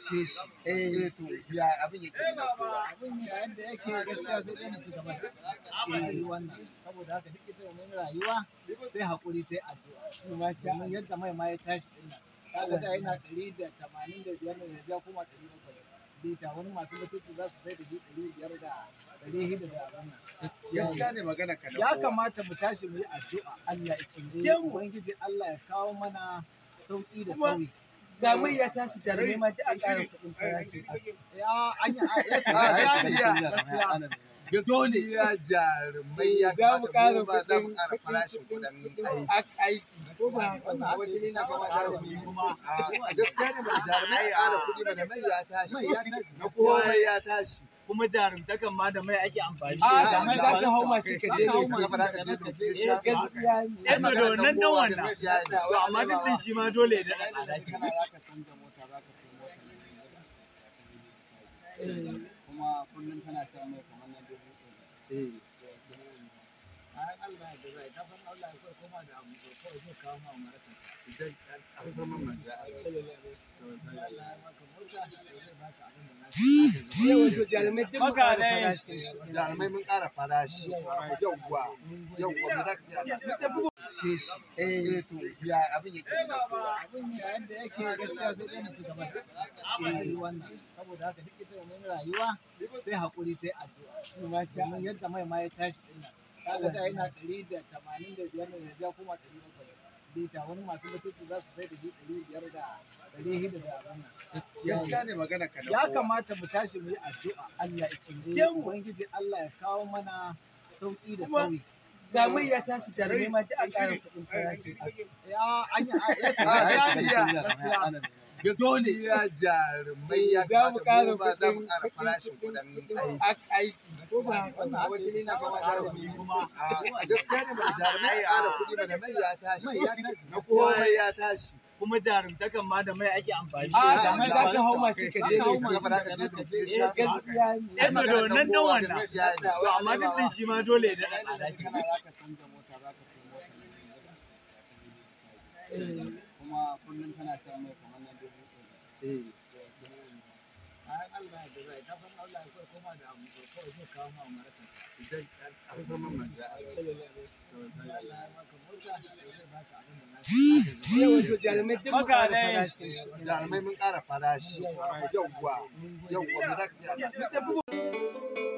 ce shi eh. eh to ya abin yake abin yayin yadda yake gaskiya sai dai ci gaba eh wannan saboda haka duk ita wannan rayuwa sai hakuri sai addu'a ma sha yadda mai ma ya tashi din nan kaga da yana 185 ne ya kuma 700 bita wani masu mutunci za su sai da 500 da ɗari hidda da wannan ya kamata mu tashi mu yi addu'a Allah ya kinde ubangiji Allah ya kawo mana sauki da sauyi ga ya tashi tare ne ma duk a ƙara kuɗin farashin ya anya ya ya jarumai ya ga mu ƙara ba farashin kuɗin aiki ne gaskiya ne jarumai ya ƙara kuɗi mai ya tashi na mai ya tashi kuma jarumtakan ma da mai ake amfani da da mai da ka hauma shi ka je ka hauma ka da eh, gaskiya ne eh to nan dan wannan to amma duk din shi ma dole da alaki kana zaka canza mota eh, kuma kullun kana sha mai kamar dubu bayan Allah da zai ka san Allah ya koma da abu to kawai zai kawo ma maraka idan an zama manzo Allah sallallahu alaihi maka mota zai baka abin da nasi yau wato jarumai duk mun ƙara farashi mun ƙara farashi yauwa yauwa mu zaka yi ce shi eh to ya abin yake eh, abin yadda yake gaskiya sai dai mu ci gaba eh wannan saboda haka duk ita mun rayuwa sai hakuri sai addu'a kuma yadda mai ma ya tashi dinnan kaga da yana ɗari da tamanin da biyar ya koma ɗari bakwai lita wani masu mutunci za su sai da shi ɗari biyar da ɗari hida da wannan gaskiya ne magana ka ya kamata mu tashi mu yi addu'a Allah ya kinde mu ubangiji Allah ya kawo mana sauki da sauyi ga mai ya tashi tare ne ma duk a ƙara kuɗin farashi ya anya ya tashi ga dole ya jarumai ya kamata mu ba za mu ƙara farashin kuɗin aiki Ah, gaskiya ne mai jarumai ya ah, da mai kuma da mai ake amfani ah, a da mai za ka hau shi ka je ne ka je shi eh, gaskiya ne eh, da wannan dan wannan to amma duk din shi ma dole da kana za ka canza mota za ka mota eh. kuma mai kamar bayan Allah da zai ka san Allah ya koma da abu to kawai zai kawo ma maraka idan an zama manzo Allah sallallahu alaihi maka murka zai baka abin da na shi yau wato jarumai duk mun jarumai mun ƙara yauwa yauwa mu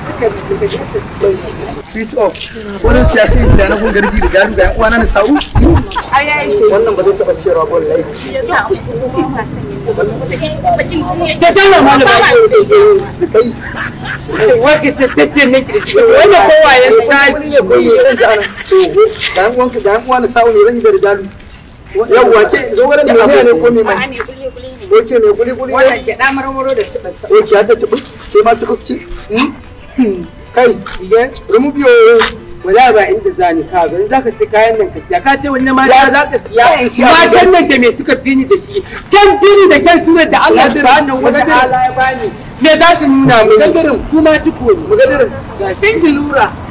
switch off wannan siyasa yin na gun da gari uwana na sa'u wannan ba zai taba siyarwa ba ba wake wanda kowa ya caji ya koyi irin da an wanka an uwana sa'u ne zo da ne ko me mai guli-guli marmaro da da Ke ma kai iya mu biyo wala ba inda za ni kaga in zaka sai kayan nan ka siya ka ce wannan mata za ka siya matan nan da me suka fi ni da shi kyan dini da kyan sunan da Allah subhanahu wa ta'ala ya bani me za su nuna mini kuma ciko ne ga lura.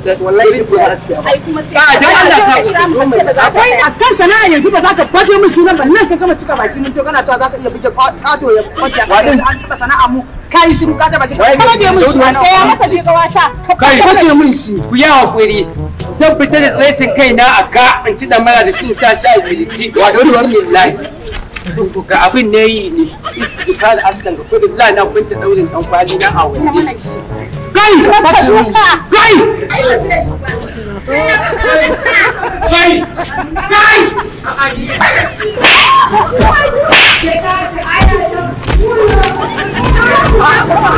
akan ah, sana'a yanzu ba za ka baje min ba ka cika baki mun to ka iya ya kwaje an taba sana'a mu kai ka taba ka baje min kai baje min zan fita da kai na a ka in ci dan mara da shi sa sha biliti wa da wallahi ga abin ne yi ne istighfar askan ga kullum la na kunta daurin dan kwali na a waje kai kai kai kai